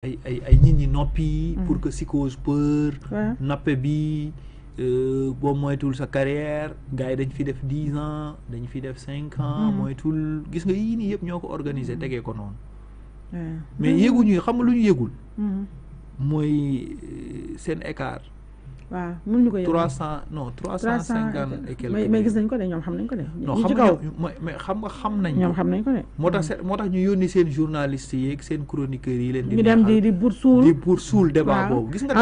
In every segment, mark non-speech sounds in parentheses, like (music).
ay ay ay nit ñi noppi. Mm. pour que psychose peur. nappe bi euh, boo moytul sa carrière gars yi dañ fi def dix ans dañ fi def cinq ans. Mm. moytul gis nga yii nii yëpp ñoo ko organiser mm. tegee ko noonu. mais yéeguñu xam nga lu ñu yéegul. mooy euh, seen écart. waaw mën ñu ko yóbbu 300 non 350 et gis nañ ko de ñoom xam nañ ko de. non xam nga mais xam nga xam nañ. ñoom xam nañ ko de. moo tax moo tax ñu yónni seen journalistes yeeg seen chroniqueurs yi leen. di di di pour suul di pour suul débat boobu. gis nga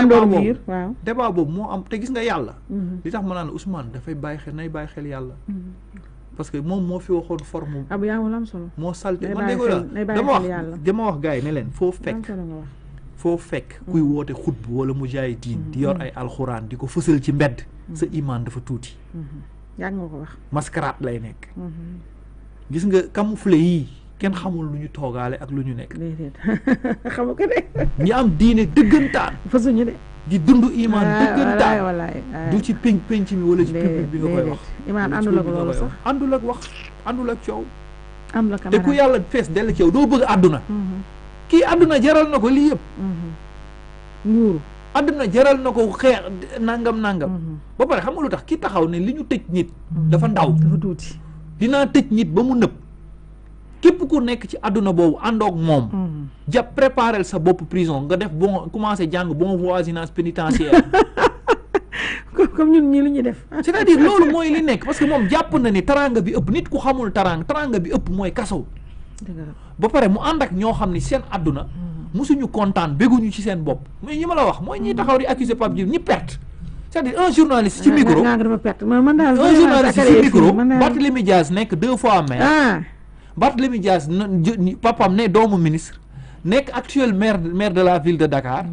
débat boobu moo am te gis nga yàlla. Mhm. li tax ma naan Ousmane dafay bàyyi xel nay bàyyi xel yàlla. Mhm. parce que moom moo fi waxoon forme. ab yaa am solo. moo salte man dégg la dama wax dama yi ne leen foo fekk. foo fekk kuy mm. woote xutbu wala mu jaay diin mm. di yor ay alxuraan di ko fësal ci mbedd mm. sa imaan dafa tuuti mm-hmm. yaa nga ko wax mascarade lay nekk mm-hmm. gis nga camoufle yii kenn xamul lu ñu toogaale ak lu ñu nekk (laughs) xamu ko am diine dëggantaan fësuñu de dund imaan ah, dëggantaan ah. du ci pénc pénc mi wala ci public bi nga koy wax imaan àndul ak wax àndul ak coow te ku yàlla fees dell ci doo bëgg àdduna mm-hmm. ki aduna jaral nako li yeb yëpp muuru mhm. àdduna jaral nako xex nangam nangam mhm. ba pare xam nga lu tax ki taxaw ne liñu ñu nit mhm. dafa ndaw dafa tuti dina tëj nit ba mu nëb kep ku nek ci aduna bobu andok mom ja préparer sa bop prison nga def bon commencer jang bon voisinage pénitentiaire (laughs) comme ñun ñii li def c'est-à-dire loolu mooy li nekk parce que moom na ni taranga bi ëpp nit ku xamul taranga taranga bi ëpp mooy kaso ba pare mu ànd ak ñoo xam ni seen àdduna mosuñu mm-hmm. kontaan bégguñu ci seen bopp mooy ñi ma la wax mooy ñi mm-hmm. taxaw di accuser Pape Djibril ñi perte c'est-à-dire un journaliste ci micro un journaliste ci micro Barthélémy Dias nekk deux fois maire ah. Barthélémy Dias papam ne doomu ministre nekk actuel maire maire de la ville de Dakar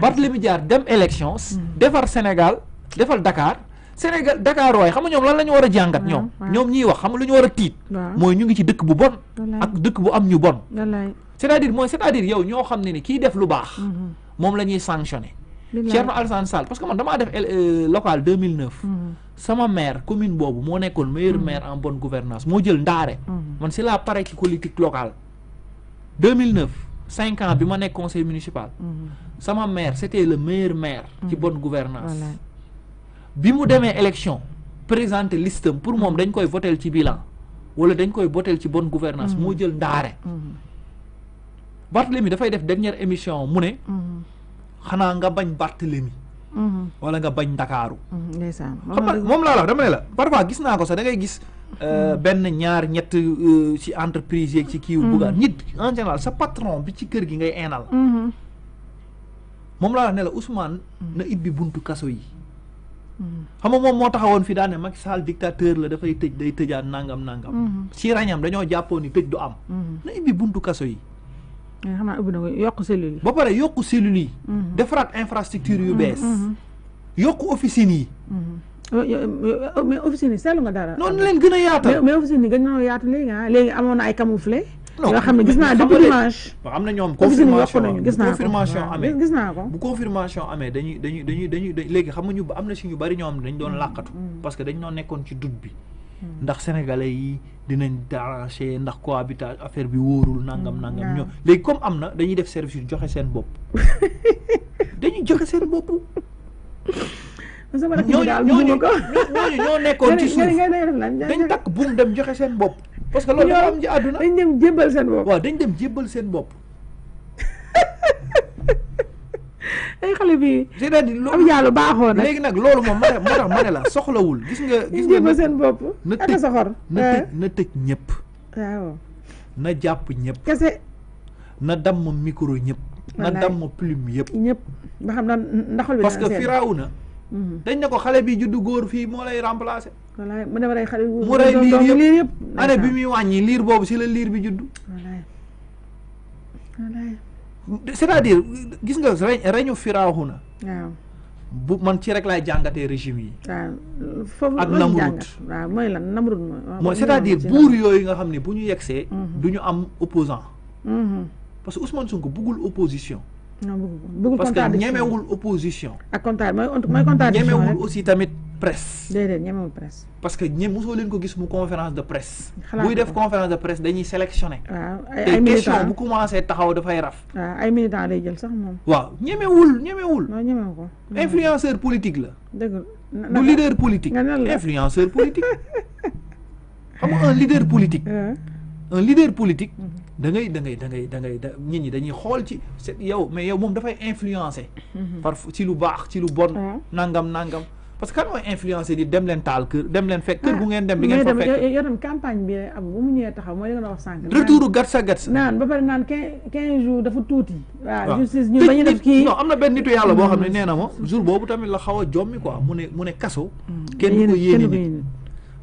Barthélémy jaar dem élections mm-hmm. defar Sénégal defal Dakar Sénégal Dakar way xam nga ñoom lan lañu wara jangat ñom ñom ñi wax xam luñu wara ñu war tiit mooy ñu ngi ci dëkk bu bon ak dëkk bu am ñu bon c'est-à-dire moy c'est-à-dire yow ño xamni ni ki def lu baax mom mhm. lañuy sanctionner Cheikh Sall parce que man dama def euh, local 2009 mhm. sama maire commune bobu mo nekkon meilleur mhm. maire en bonne gouvernance mo jël ndare man c'est la pareil ci politique locale 2009 5 ans bi ma conseil municipal sama maire c'était le meilleur maire ci bonne gouvernance bi mu demee élection présenter liste pour mom dañ koy voter ci bilan wala dañ koy voter ci bonne gouvernance mm-hmm. mo jël ndaare mm-hmm. Barthélemy fay def dernière émission mu ne mm-hmm. nga bañ Barthélemy wala nga bañ Dakarou xam nga moom la dama ne la parfois gis na ko sa da ngay gis euh, ben ñaar ñett euh, ci entreprise si ci wu buggaan nit en général sa patron bi ci kër gi ngay enal moom la la ne la Ousmane na ibbi buntu kasso yi xam nga moom moo taxawoon fi daane Macky Sall dictateur la dafay tëj day tëjaat nangam nangam. ci mhm. rañam dañoo jàppoon ni tëj du am. Mhm. na ubbi buntu kaso yi. Eh, xam naa ubbi na yokk cellules yi. ba pare yokk cellules yi. Mhm. defaraat infrastructure yu bees. yokk officines yi. mais officines yi seetlu nga dara. noonu leen gën a yaatal mais officines yi gën nañoo yaatu léegi ah léegi amoon na ay camouflé. non xam ne gis naa depuis dimanche. am na ñoom confirmation gis naa confirmation amee gis naa ko bu confirmation amee dañuy dañuy dañuy dañuy léegi xam nga ñu am na ñu bari ñoom dañ doon mm. làqatu. Mm. parce que dañ doon nekkoon ci doute bi. Mm. ndax sénégalais yi dinañ tranché ndax cohabitation affaire bi wóorul nangam nangam ñoo léegi comme am na dañuy def service yu joxe seen bopp (laughs) dañuy joxe seen bopp. (laughs) ñooñu ñooñu ñoo nekkoon (laughs) ci suuf dañ takk buum dem joxe seen bopp. parce que loolu dafa am ci àdduna dañ dem jébbal seen bopp waaw dañ dem jébbal seen bopp (laughs) ay xale bi c'est-à-dire loolu am yàlla baaxoo nag léegi nag loolu moom ma moo tax ma ne la soxlawul gis nga gis nga jébbal seen bopp na tëj soxor na tëj ah. jàpp ñëpp kese na damm micro ñëpp na damm plume yëpp ñëpp ba xam na ndaxal bi parce que firaaw na mhm. dañ ne ko xale bi juddu góor fii moo lay remplacer wallaay mu dem rey xale mu bi muy wàññi liir boobu si la liir bi juddu c'est-à-dire gis nga reñu firaaxu na waaw bu man ci rek laay jàngatee régime yi waaw ak namrut waaw mooy lan namrut mooy c'est-à-dire buur yooyu nga xam ne bu ñu yegsee mhm. du ñu am opposant mhm. parce que Ousmane Sonko buggul opposition non buggul parce que ñemewul opposition ak contraire mooy contradiction ñemewul aussi tamit presse. parce que ñem mosoo leen ko gis mu conférence de presse. buy def conférence de presse dañuy sélectionné. ay militants te question bu commencé taxaw dafay raf. ay militants lay jël sax moom. waaw ñemewul ñemewul. non ñemewu ko. influenceur politique la. dëgg la du leader politique. influenceur politique. xam nga un leader politique. (laughs) un leader politique. Mhm. da ngay da ngay da ngay da ngay da nit ñi dañuy xool ci yow mais yow moom dafay influencé. Mhm. par ci lu baax ci lu bon. nangam nangam. parce que kan mooy influenceur yi dem leen taal kër dem leen fekk kër gu ngeen dem di ngeen ah, fa fekk yow tam campagne bi ab bu mu ñëwee taxaw mooy li nga na benn nitu yàlla boo xam ne mm. nee na ma jour boobu tamit la xaw a jommi quoi mu ne mu ne kaso mm. kenn ko yéene nit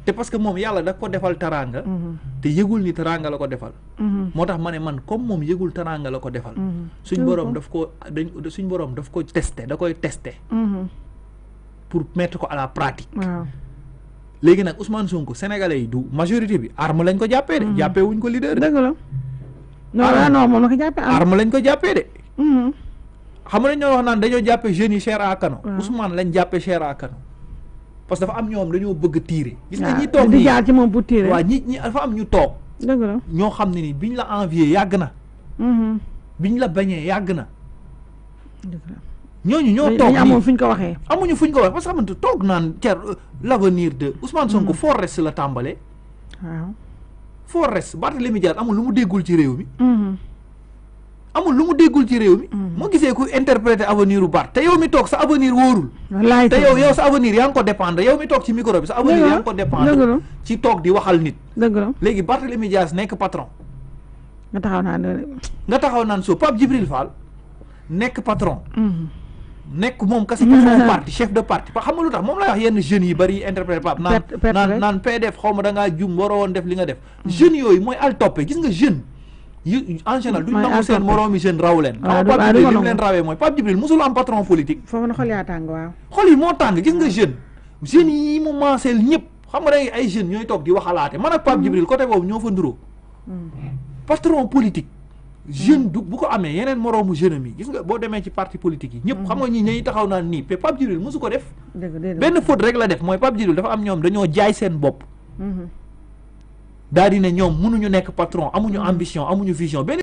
te parce que moom yàlla da ko defal taraanga mm-hmm. te yëgul ni taraanga la ko defal mm-hmm. moo tax ma ne man comme moom yëgul taraanga la ko defal mm-hmm. suñ borom daf ko dañ suñ borom daf ko testé da koy testé pour mettre ko à la pratique. léegi nag Ousmane Sonko sénégalais yi du majorité bi arme lañ ko jàppee de. Mm-hmm. jàppee wuñ ko leader de. dëgg la non non moom la ko jàppee arme lañ ko jàppee de. Mm-hmm. xam nga ñoo wax naan dañoo jàppee jeunes yi cher à lañ jàppee cher à canon. parce que dafa am ñoom dañoo bëgg tiire. gis nga ñi toog nii di ci moom pour tiire. waaw ñi ñi dafa am ñu toog. dëgg la ñoo xam ne ni ñu la envier yàgg na. Mm-hmm. biñ la bañee yàgg na. ñooñu ñoo toog amoon fuñ ko waxee amuñu fuñ ko waxee parce que xamante toog naan cer euh, l' avenir de Ousmane hmm. Sonko Forest la tàmbalee waaw Forest Barthélémy Dias amul lu mu déggul ci réew mi hmm. amul lu mu déggul ci réew mi moo hmm. gisee ku interpréter avenir bu Bart te yow mi toog sa avenir wóorul te yow yow sa avenir yaa ngi ko dépendre yow mi toog ci micro bi sa avenir yaa ngi ko dépendre toog di waxal nit dëgg la léegi Barthélémy Dias nekk patron nga taxaw naan nga taxaw naan soo Pape Djibril Fall nekk patron nekk moom kese kese moom (laughs) parti chef de parti xam nga lu tax moom lay yenn jeunes yi bari interprète pap naan naan naan pdf xaw ma da ngaa jum waroo woon def li nga def jeunes yooyu mooy al toppe gis nga jeune yu en général duñ seen moroomi jeune raw leen xam ah, nga Pape Djibril li mu leen rawee mooy am patron politique foofu na xol yaa tàng waaw xol yi moo tàng gis nga jeune jeunes yi mu manceel ñëpp xam nga dangay ay jeunes ñooy toog di waxalaate man ak Pape Djibril mm-hmm. côté boobu ñoo fa nduroo mm-hmm. patron politique jeune du bu ko amee yeneen moroomu jeune am yi gis nga boo demee ci parti politique yi ñëpp mhm. xam nga ñi taxaw naan nii mais Pape Djibril mosu ko def benn faute rek la def mooy Pape Djibril dafa am ñoom dañoo jaay seen bopp mhm. daal ne ñoom mënuñu nekk patron amuñu mhm. ambition amuñu vision